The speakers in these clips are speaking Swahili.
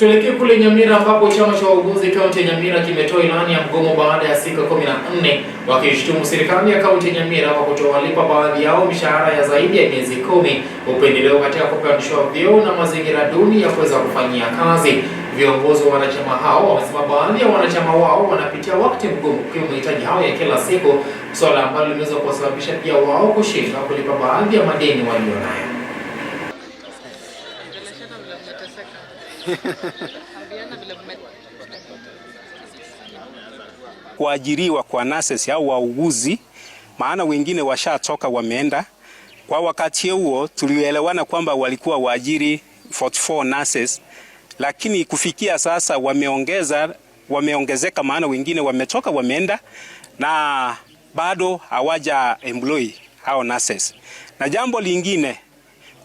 Tuelekee kule Nyamira ambapo chama cha wauguzi kaunti ya Nyamira kimetoa ilani ya mgomo baada ya siku 14 wakishtumu serikali ya kaunti ya Nyamira kwa kutowalipa baadhi yao mishahara ya zaidi ya miezi kumi, upendeleo katika kupandishwa vyeo na mazingira duni ya kuweza kufanyia kazi. Viongozi wa wanachama hao wamesema baadhi ya wanachama wao wanapitia wakati mgumu kwa mahitaji hao ya kila siku, swala ambalo limeweza kuwasababisha pia wao kushindwa kulipa baadhi ya madeni walionayo. kuajiriwa kwa nurses au wauguzi, maana wengine washatoka wameenda. Kwa wakati huo tulielewana kwamba walikuwa waajiri 44 nurses, lakini kufikia sasa wameongeza wameongezeka, maana wengine wametoka wameenda, na bado hawaja employ hao nurses. Na jambo lingine,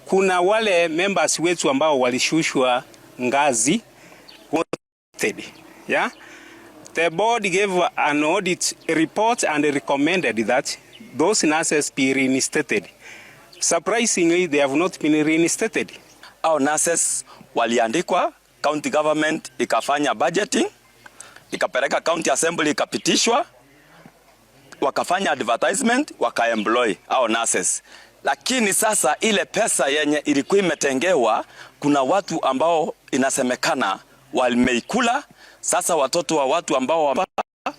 kuna wale members wetu ambao walishushwa Ngazi wanted Yeah? The board gave an audit report and recommended that those nurses be reinstated. Surprisingly, they have not been reinstated. our nurses waliandikwa, county government ikafanya budgeting, ikapeleka county assembly ikapitishwa, wakafanya advertisement, wakaemploy our nurses. Lakini sasa ile pesa yenye ilikuwa imetengewa kuna watu ambao inasemekana wameikula. Sasa watoto wa watu ambao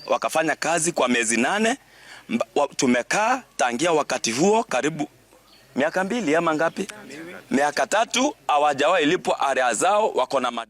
wakafanya kazi kwa miezi nane tumekaa tangia wakati huo karibu miaka mbili ama ngapi, miaka tatu, hawajawahi lipwa area zao, wako na madeni.